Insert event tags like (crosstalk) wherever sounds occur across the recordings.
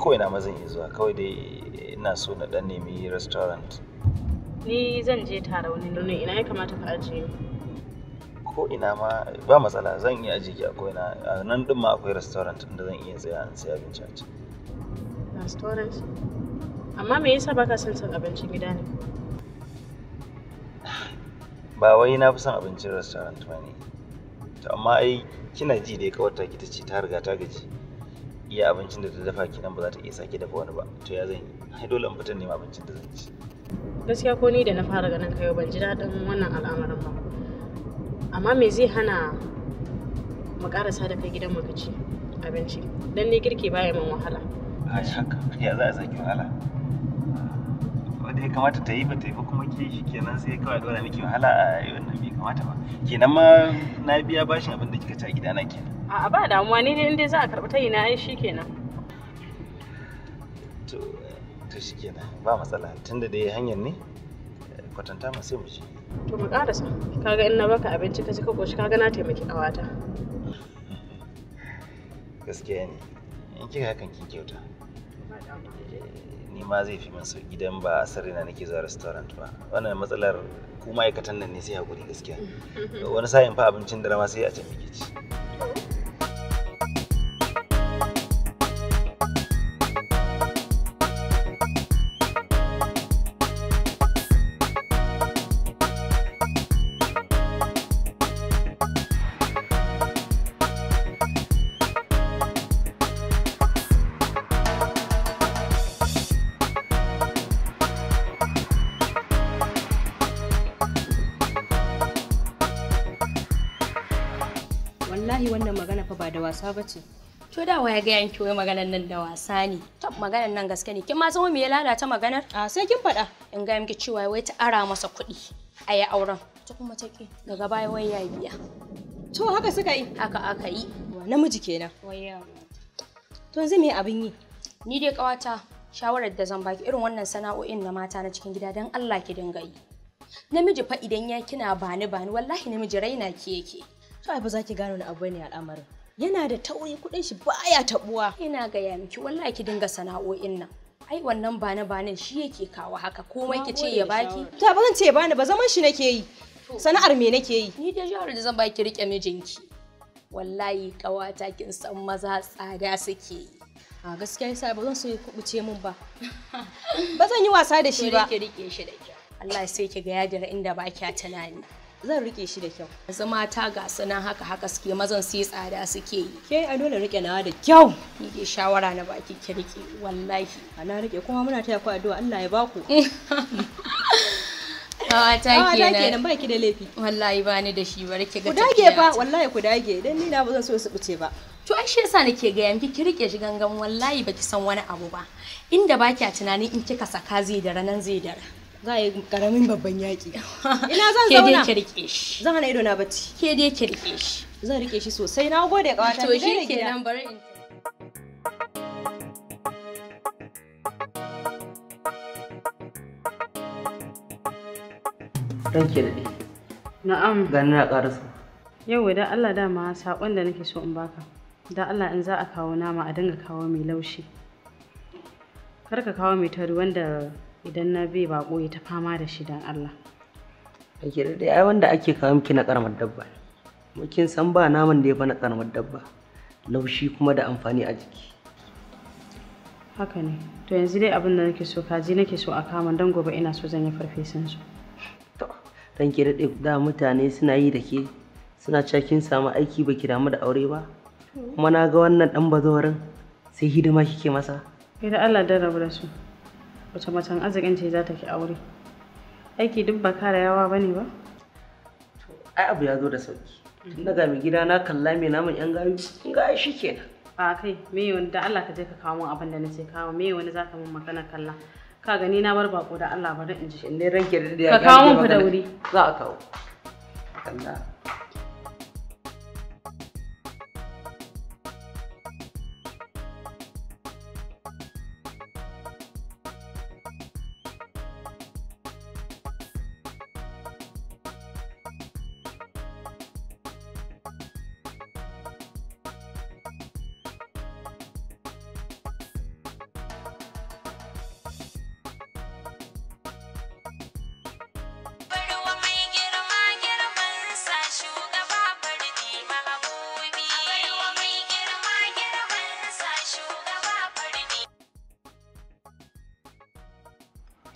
ko ina ma zan iya zuwa kawai dai ina so na dan nemi restaurant ni zan je tara wani nuna ina ya kamata ka ajiye ko ina ma ba matsala zan iya ajiye ki a ko ina a nan din ma akwai restaurant inda zan iya tsaya in sai abinci a ci restaurant amma me yasa baka son son abincin gida ne ba wai na fi son abincin restaurant ba ne to amma ai kina ji dai kawai ta ki ta ce ta riga ta gaji iya abincin da ta dafa kenan ba za ta iya sake dafa wani ba to ya zan yi ai dole in fita nema abincin da zan ci gaskiya ko ni da na fara ganin kai ban ji daɗin wannan al'amarin ba amma me zai hana mu ƙarasa da kai gidan mu ka ci abinci dan ne girki baya min wahala a shakka ya za a sake wahala wanda ya kamata ta yi ba ta yi ba kuma ke shi kenan sai kawai dole miki wahala a wannan bai kamata ba kenan ma na biya bashin abin da kika ci a gidana kenan A'a ba damuwa ni dai inda za a karɓi tayi na shi kenan. To to shikenan ba matsala tunda dai hanyar ne kwatanta mu sai mu je. To mu ƙarasa. kaga in na baka abinci ka ci ka koshi kaga na taimaki kawata. Gaskiya ne in kika hakan kin kyauta. Eh, ni ma zai fi min sauki dan ba a sarrina nake zuwa restaurant ba. Wannan matsalar ku ma'aikatan nan ne sai hakuri gaskiya. Mm. Wani sa'in fa abincin da ma sai a can ci. da wasa ba ce. To da waya ga yanki wai maganar nan da wasa ne. Tab maganar nan gaske ne. Kin ma san me ya lalata maganar? A sai kin faɗa. In ga miki cewa wai ta ara masa kuɗi a yi auren. Ta kuma ta ke daga baya wai ya biya. To haka suka yi? Haka aka yi. Wa namiji kenan. Waya. To yanzu me abin yi? Ni dai kawata shawarar da zan baki irin wannan sana'o'in na mata na cikin gida don Allah ki dinga yi. Namiji fa idan ya kina bani bani wallahi namiji raina ki yake. To ai ba za ki gano ni abu ne al'amarin. yana da tauri kuɗin shi baya taɓuwa. Ina gaya miki wallahi ki dinga sana'o'in nan. ai wannan bani-banin shi yake kawo haka komai ki ce ya baki ta ba zan ce ya bani ba zaman shi nake yi sana'ar me nake yi ni da jawar da zan baki rike mijinki wallahi kawata kin san maza tsada suke yi a gaskiya yasa ba zan so ya kubuce min ba (laughs) ba zan yi wasa da shi ba rike rike shi da Allah sai ki ga yadira inda ba kya tunani zan rike shi da kyau yanzu mata ga sanan haka haka suke mazan sai tsada suke yi ke a dole rike nawa da kyau ni dai shawara na baki ki rike wallahi ana rike kuma muna taya ku addu'a Allah ya baku Kawata (laughs) kenan. Kawata kenan baki da laifi. Wallahi ba ni da shi ba ki ga Ku dage ba, wallahi ku dage dan ni na ba zan so su buce ba. To ai shi yasa nake ga yanki ki rike shi gangan wallahi baki san wani abu ba. Inda baki a tunanin in kika saka zai dara nan zai dara. za a yi karamin babban yaƙi (laughs) ina zan zauna ke rike shi zan hana ido na bacci ke dai ki rike shi zan rike shi sosai na gode kawata to shi nan bari in ranke daɗe. Na'am. Gani na ƙarasa. Yau da Allah dama saƙon da nake so in baka. Da Allah in za a kawo nama a dinga kawo mai laushi. Kar ka kawo mai tauri wanda idan na bai bako ya ta fama da shi don Allah. Ake da dai wanda ake kawo miki na karamar dabba ne. Mukin san ba naman da ya na karamar dabba. Laushi kuma da amfani a jiki. Haka ne. To yanzu dai abin da nake so kaji nake so a kama don gobe ina so zan yi sun su. To dan daɗe da mutane suna yi da ke suna cakin kin aiki baki damu da aure ba. Kuma na ga wannan ɗan bazawarin sai hidima kike masa. Ina Allah dan rabu da su. wace macen arzikin ce za ta ki aure aiki duk ba kara yawa ba ne ba ai abu ya zo da sauki tun daga mai gida na kalla mai namun yan gayu in ga shi kenan a kai me wani da Allah ka je ka kawo min abin da na ce kawo me wani za ka min magana kalla ka gani na bar bako da Allah ba in ji in ne ranke da ka kawo min fa da wuri za a kawo Allah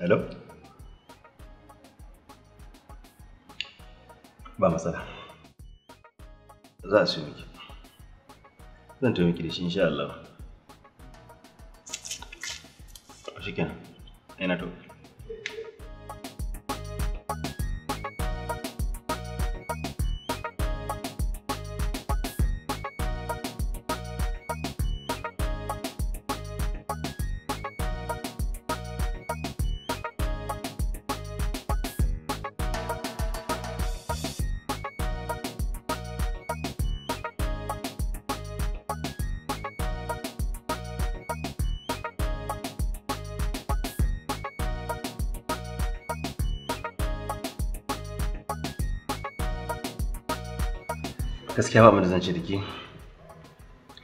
hello ba masala? za su siyo miki zan taimaki da shi insha Allah shi kenan ina tafi gaskiya ba mu da zance da ke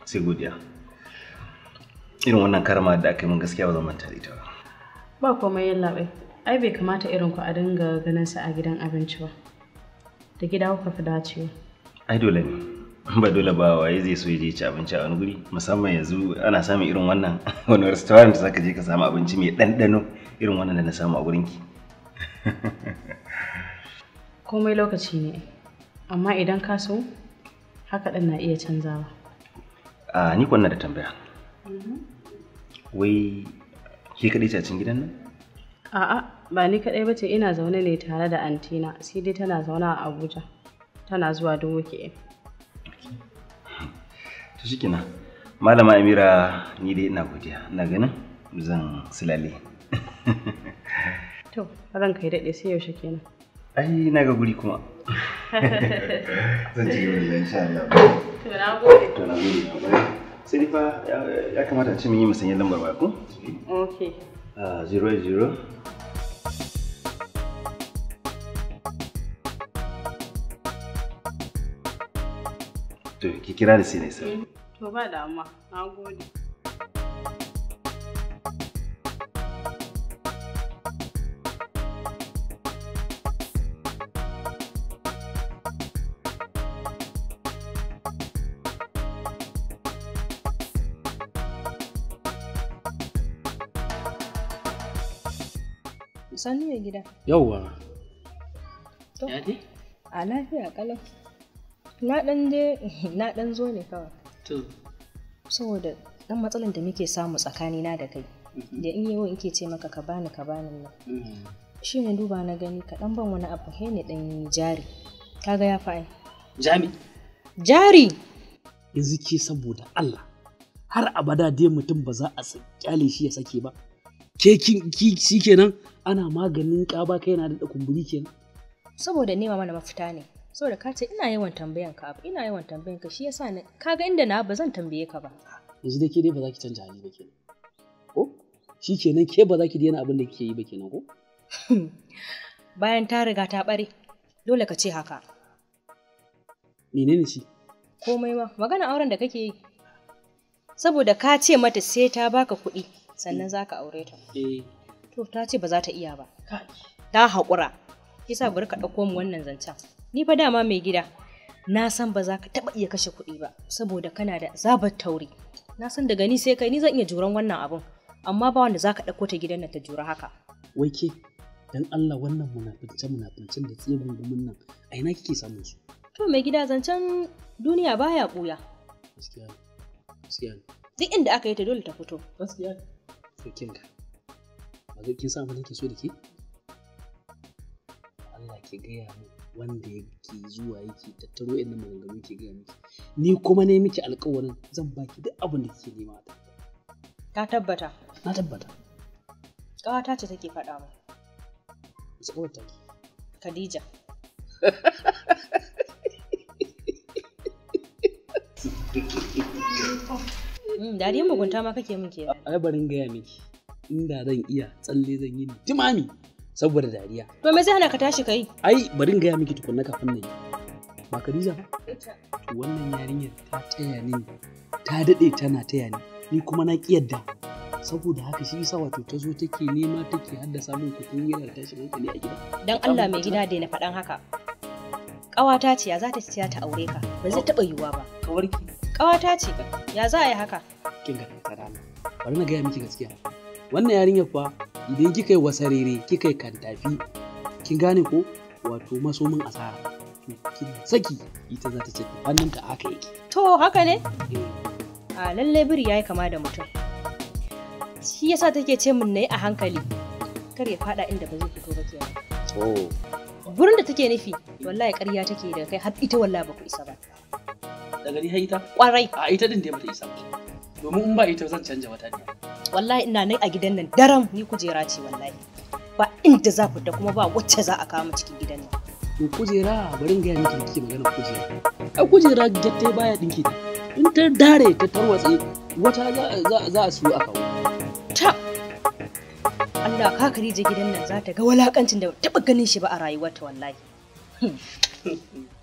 sai godiya irin wannan karama da aka yi mun gaskiya ba zan manta da ita ba ba komai yalla bai ai bai kamata irin ku a dinga ganin sa a gidan abinci ba da gida kuka fi dacewa ai dole ne ba dole ba waye zai so je ci abinci a wani guri musamman yanzu ana samun irin wannan (laughs) wani restaurant zaka je ka samu abinci mai ɗanɗano irin wannan da na samu a gurinki (laughs) komai lokaci ne amma idan ka so haka ɗin na iya canzawa a ni kwanna da tambaya mhm. wai ke kaɗai ce a cikin gidan nan a'a ba ni kaɗai ba ce ina zaune ne tare da antina sai dai tana zaune a abuja tana zuwa duk wake (laughs) to shi kenan malama amira ni dai ina godiya ina ganin zan silale (laughs) to ranka ya daɗe sai yaushe kenan ai na ga guri kuma (laughs) zan ci gaba da insha Allah to na gode to na gode sai fa ya kamata a ce mun yi musanyen lambar waya ko okay uh, ah, 00 to ki kira da sai ne sai mm. to ba damuwa na gode sannu ya gida yauwa ya a lafiya kalau na dan je (laughs) na dan zo ne kawai to saboda dan matsalan da muke samu tsakanina da kai mhm. da in yau ke ce maka ka bani ka bani nan mhm. shi ne duba na gani ka dan ban wani abu he ne dan jari ga ya fa'i jami jari yanzu ke saboda Allah har abada dai mutum ba za a kyale shi ya sake ba ke shi kenan ana maganin ƙaba kai na da kumburi kenan saboda nema mana mafita ne saboda ka ce ina yawan tambayan ka abu ina yawan tambayan ka shi yasa ne kaga inda na ba zan tambaye ka ba yanzu dai ke dai ba za ki canja hali ba kenan ko shi kenan ke ba za ki daina abin da kike yi ba kenan ko (laughs) bayan ta riga ta bare dole ka ce haka menene shi komai ma magana auren da kake yi saboda ka ce mata sai ta baka kuɗi sannan mm. za ka aure ta eh. to ta ce ba za ta iya ba ta haƙura kisa bari ka ɗauko mu wannan zancen ni fa dama mai gida na san ba za ka taɓa iya kashe kuɗi ba saboda kana da zabar tauri na san daga ni sai kai ni zan iya juran wannan abun amma ba wanda za ka ɗauko ta gidan nan ta jura haka wai ke dan Allah wannan munafince munafincen da tsiye gungumin nan a ina kike samun su to mai gida zancen duniya baya ɓuya gaskiya gaskiya duk inda aka yi ta dole ta fito gaskiya to ka, ga yanzu kin san abin da so da ke Allah ke gaya mu wanda yake zuwa yake tattaro inda maganganu ke gaya miki ni kuma ne miki alkawarin zan baki duk abin da kike nema ta ka tabbata na tabbata ƙawata ce take faɗa mu Khadija (laughs) Mm, dariyar mugunta ma kake min ke ai barin gaya miki inda zan iya tsalle zan yi timami saboda dariya to me zai hana ka tashi kai ai barin gaya miki tukunna kafin nan ba Khadija to wannan yarinyar ta taya ni ta dade tana taya ni ni kuma na ki yadda saboda haka shi yasa wato ta zo take nema take haddasa min kuɗin yana tashi hankali a gida dan Allah mai gida dai na faɗan haka ƙawata ce ya za ta ta aure ka ba zai taɓa yiwuwa ba ƙawarki ƙawata ce ya za a yi haka kin ga kankara bari na gaya miki gaskiya wannan yarinyar fa idan kika yi wasarere kika yi kantafi kin gane ko wato masomin asara to saki ita za ta ce fannin ta haka yake to haka ne eh. a lallai biri yayi kama da mutum shi yasa take ce min nayi a hankali kar ya fada inda ba zai fito ba kenan oh burin da take nufi wallahi ƙarya take da kai har ita wallahi ba ku isa ba daga ni har ita kwarai a ita din da bata isa ba domin in ba ita zan canja wata ne wallahi ina nan a gidan nan daram ni kujera ce wallahi ba inda za ku da kuma ba wacce za a kawo mu cikin gidan nan to kujera bari in ga miki kike magana kujera a kujera jatte baya dinki in ta dare ta tarwatse wata za a siyo a kawo ta Allah ka je gidan nan za ta ga walakancin da taba ganin shi ba a rayuwarta wallahi hmm. (laughs)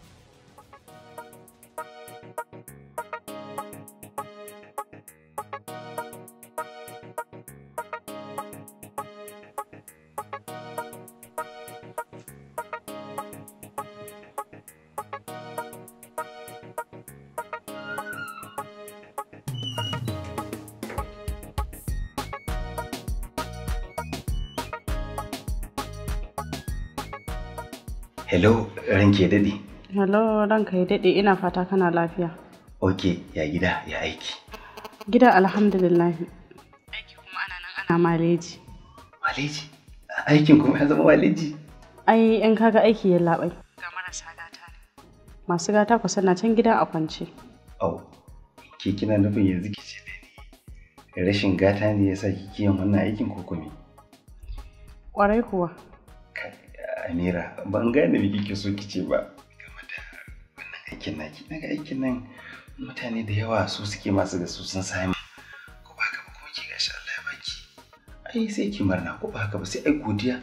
ranke ya daɗe. Hello ranka ya daɗe ina fata kana lafiya. Ok ya gida ya aiki. Gida alhamdulillah. Aiki kuma ana nan ana maleji. Maleji? Aikin kuma ya zama maleji? Ai in kaga aiki ya labai. Ga marasa gata ne. Masu gata ku sana can gida a kwance. Au, ke kina nufin yanzu ki ce rashin gata ne ya sa kike yin wannan aikin ko kuma? Ƙwarai kuwa. a Amira ban gane me kike so kice ba game da wannan aikin naki naga aikin nan mutane da yawa su suke masu da su sun sami ko ba ka ba ko ki gashi Allah ya baki ai sai ki murna ko ba ka ba sai ai godiya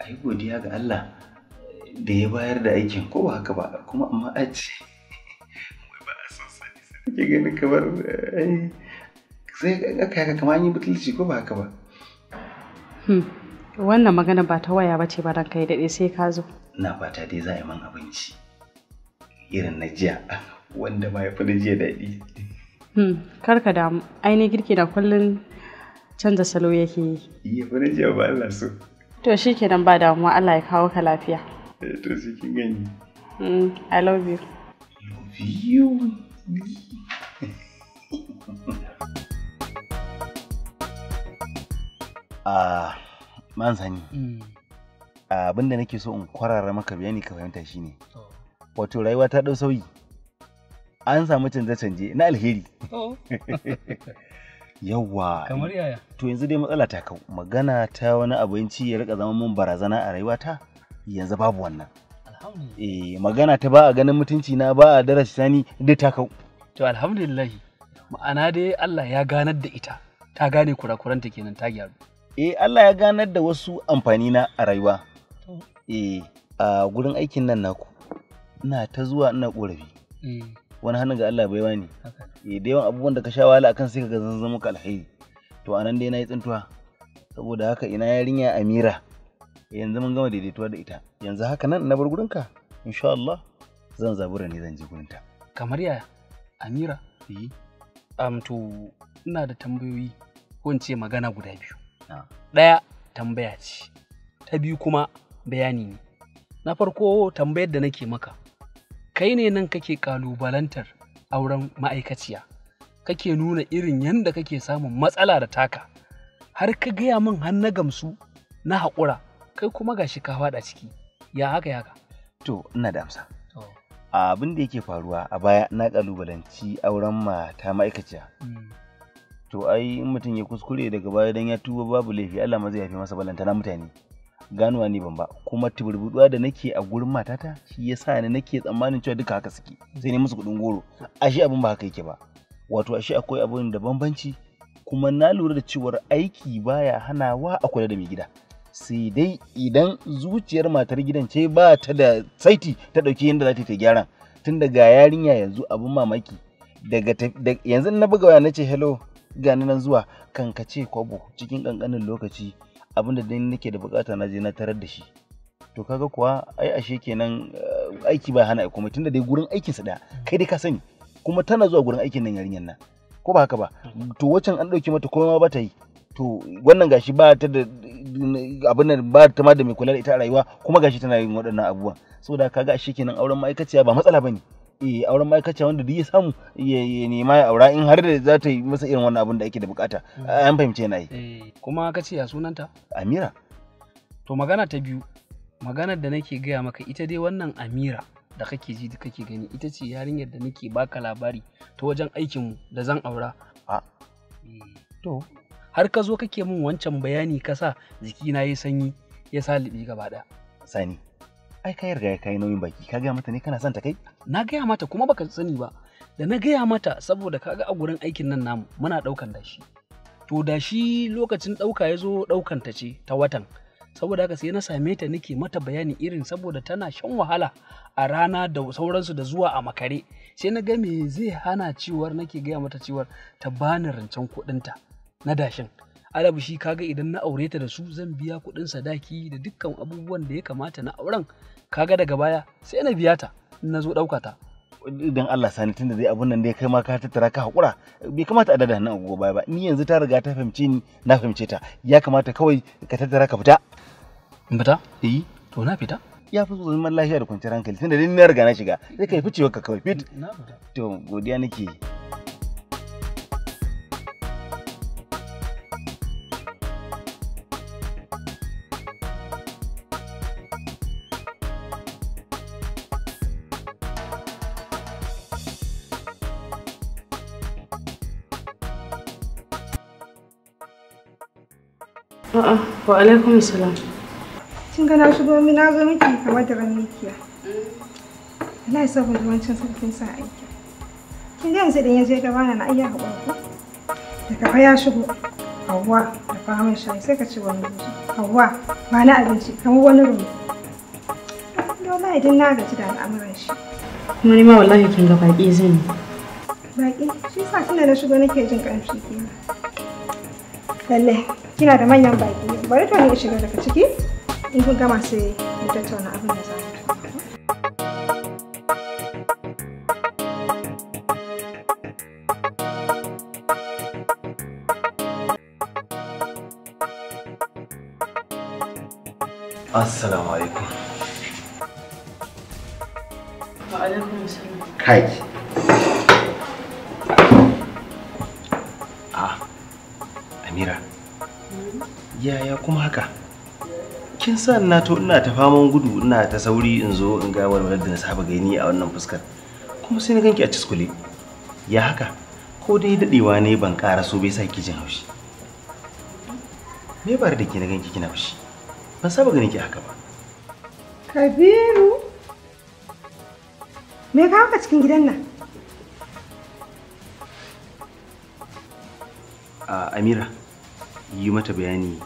ai godiya ga Allah da ya bayar da aikin ko ba ka ba kuma amma a ce (laughs) wai ba a san sani sai ki gani kamar ai eh, sai ka kamar an yi butulci ko ba ka ba Hmm. Wannan magana ba ta waya ba ce ba ranka ya daɗe sai ka zo. Ina fata dai za a yi man abinci. Irin na jiya wanda ma ya fi na jiya daɗi. Hmm, kar ka damu, ainihin girki da kullum canza salo yake yi. Iya fi jiya ba Allah so. To shi kenan ba damuwa Allah ya kawo ka lafiya. Eh, to shi kin gani. Hmm, I love you. Love you. (laughs) Ah. uh... man sani mm. abin da nake so in kwarara maka bayani ka fahimta shine wato rayuwa ta dau sauyi an samu canje-canje na alheri (laughs) yawa kamar yaya to yanzu dai matsala ta kau magana ta wani abinci ya rika zama mun barazana a rayuwata yanzu babu wannan eh magana ta ba a ganin mutunci na ba a darasi sani duk ta kau to alhamdulillah ma'ana dai Allah ya ganar da ita ta gane kurakuranta kenan ta gyaru eh Allah ya ganar da wasu amfani na a rayuwa eh a gurin aikin nan naku ina ta zuwa ina korafi mm. wani hannun ga Allah baiwa ne e da yawan abubuwan da ka sha wahala akan sai ka ga zanzan muka alheri to anan dai nayi tsintuwa saboda haka ina yarinya Amira eh, yanzu mun gama daidaituwa da ita yanzu haka nan na bar gurinka insha Allah zan zabura ne zan je ta. kamar ya Amira eh to ina da tambayoyi ko magana guda biyu Ɗaya tambaya ce, ta biyu kuma bayani ne. Na farko tambayar da nake maka, kai ne nan kake ƙalubalantar auren ma'aikaciya, kake nuna irin yadda kake samun matsala da taka, har ka gaya min har na gamsu na haƙura, kai kuma gashi ka faɗa ciki, ya haka haka. To, ina da amsa. Abin da yake faruwa a baya na ƙalubalanci auren mata ma'aikaciya. Hmm. to ai in mutum ya kuskure daga baya dan ya tuba babu laifi Allah ma zai yafe masa na mutane ganuwa ni ban ba kuma tuburbuduwa da nake a gurin matata shi yasa ni nake tsammanin cewa duka haka suke sai ne musu kudin goro ashe abin ba haka yake ba wato ashe akwai abin da bambanci kuma na lura da cewar aiki baya hanawa a kula da mai gida sai dai idan zuciyar matar gidan ce ba ta da saiti ta ɗauki yadda za ta ta gyaran tun daga yarinya yanzu abin mamaki daga yanzu na buga waya na ce hello gani nan zuwa kankace kwabo cikin kankanin lokaci abinda dai nake da bukata na je na tarar da shi to kaga kuwa ai ashe kenan eh, aiki ba hana komai tunda dai gurin aikin sa da kai dai ka sani kuma tana zuwa gurin aikin nan yarinyar nan ko ba haka ba to wacan an dauke mata komai ma ba ta yi to wannan gashi ba ta da abin nan ba ta ma da mai kula da ita a rayuwa kuma gashi tana yin waɗannan abubuwan saboda kaga ashe kenan auren ma'aikaciya ba matsala bane Eh, auren ma'aikaciya wanda duk ya samu ya nema ya aura in har da za ta yi masa irin wannan abin da ake da bukata mm. an fahimce na yi eh, kuma ka ce ya sunanta amira to magana ta biyu maganar da nake gaya maka ita dai wannan amira da kake ji da kake gani ita ce yarinyar da nake baka labari ta wajen aikinmu da zan aura a eh, to har ka zo kake min wancan bayani kasa jikina ya sanyi ya sa liɓi gaba ɗaya sani ai ka riga ka yi nauyin baki ka gaya mata ne kana son ta kai na gaya mata kuma baka sani ba da na gaya mata saboda kaga a gurin aikin nan namu muna daukan dashi to dashi lokacin dauka ya zo daukan ce ta watan saboda haka sai na same ta nake mata bayani irin saboda tana shan wahala a rana da sauransu da zuwa a makare sai na ga me zai hana ciwar nake gaya mata ciwar ta bani rancen kuɗinta na dashin arabu shi kaga idan na aure ta da su zan biya kuɗin sadaki da dukkan abubuwan da ya kamata na auren kaga daga baya sai na biya ta in na zo ɗauka ta. Idan Allah sani tunda dai abun nan da ya kai ma ka tattara ka haƙura bai kamata a dada nan agogo baya ba ni yanzu ta riga ta fahimce ni na fahimce ta ya kamata kawai ka tattara ka fita. in Fita? Eh. To na fita? ya fi zaman lafiya da kwanciyar hankali tunda dai na riga na shiga sai kai ficewa ka kawai fit to godiya nake Wa alaikum salam. Kin ga na shigo mi na zo miki kamar da ran mikiya. Allah ya sa ban wancan sarkin sa aiki. Kin ga yanzu dan yaje gaba na ayya hawa ko. Da kafa ya shigo. Hawwa da fama shayi sai ka ci wani rubutu. Hawwa ba na abinci kamar wani rubutu. Dole din na gaji da al'amuran shi. Kuma ni ma wallahi kin ga baki zan yi. Baki shi sa kina na shigo nake jin ƙarfi kenan. lalle kina da manyan baki bari to ne shiga daga ciki in kun gama sai mu tattauna da za Assalamu alaikum. Wa alaikum salam. Kai. Yaya kuma haka? Kin sa na to ina ta faman gudu ina ta sauri in zo in ga walwalar da na saba gani a wannan fuskar. Kuma sai na ganki a ciskule. Ya haka? Ko dai dadewa ne ban kara so bai sa ki jin haushi. Me bar da ki na ganki kina haushi? Ban saba ganin ki haka ba. Kabiru. Me ka haka cikin gidan nan? Uh, Amira. yi mata bayani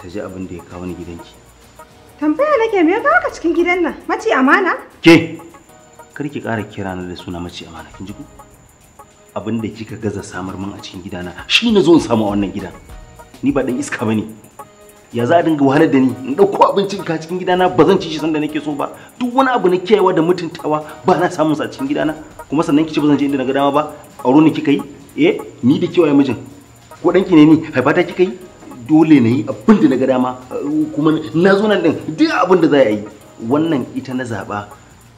ta ji abin da ya kawo ni gidanki. Tambaya nake me ka cikin gidan nan? Mace amana? Ke kar ki ƙara kira na da suna mace amana kin ji ku? Abin da kika gaza samar min a cikin gidana shi na zo in samu a wannan gidan. Ni ba dan iska bane. Ya za a dinga wahalar da ni in ɗauko abincin ka cikin gidana ba zan ci shi sanda nake so ba. Duk wani abu na kiyawa da mutuntawa ba na samun sa a cikin gidana. Kuma sannan kici ba zan je inda na ga dama ba. Auro ne kika yi? Eh ni da kiwaye mijin. ko danki ne ni kai fata kika yi dole na yi abin da na ga dama kuma na zo nan din duk abin da za a yi wannan ita na zaba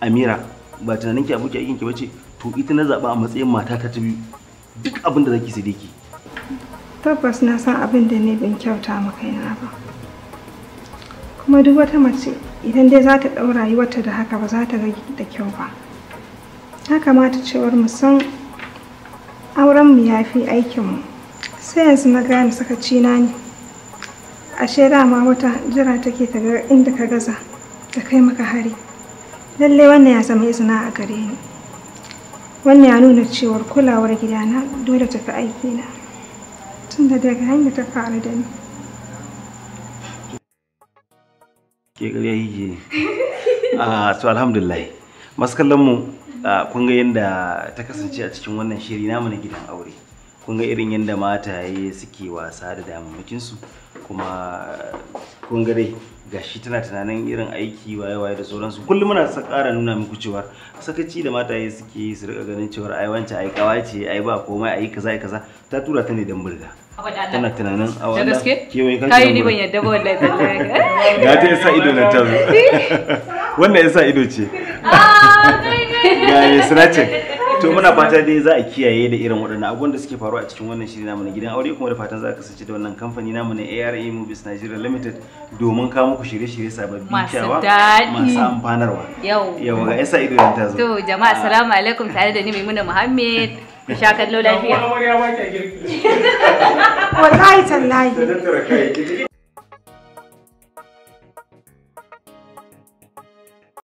amira ba tunanin ki abuki aikin ki bace to ita na zaba a matsayin mata ta ta biyu duk abin da zaki sai ki tabbas na san abin da ne bin kyauta ma kaina ba kuma duk wata mace idan dai za ta yi wata da haka ba za ta ga da kyau ba ya kamata cewar mu san auren mu ya fi mu. sai yanzu na gane sakaci na ne ashe ma wata jira take ta ga inda ka gaza ta kai maka hari lallai wannan ya zama izina a gare ni wannan ya nuna cewar kulawar gidana dole ta fi aikina tun da daga hanyar ta faru da ni ke a (laughs) ah, to alhamdulillah masu kallon mu ah, kun ga yadda ta kasance a cikin wannan shiri namu na gidan aure kun ga irin yadda mataye suke wasa da damammakinsu kuma kun ga dai gashi tana tunanin irin aiki waye-waye da sauransu kullum muna sa ƙara nuna muku cewar sakaci da mataye suke su rika ganin cewar ai wancan ai kawa ce ai ba komai ai kaza ai kaza ta tura ta ne dan burga tana tunanin a wannan kewaye kan kai ni ban yadda ba wallahi tallahi ga (laughs) ta yasa ido na tazo (laughs) wannan yasa ido ce ah, (laughs) ga yasa ce to muna fata dai za a kiyaye da irin waɗannan abubuwan da suke faruwa a cikin wannan shiri namu na gidan aure kuma da fatan za ka sace da wannan kamfani namu na ARA Movies Nigeria Limited domin kawo muku shirye-shirye sababbi kyawa masu amfanarwa yau ga isa ido ta zo to jama'a assalamu alaikum tare da ni Maimuna Muhammad ku sha kallo lafiya (laughs) wallahi tallahi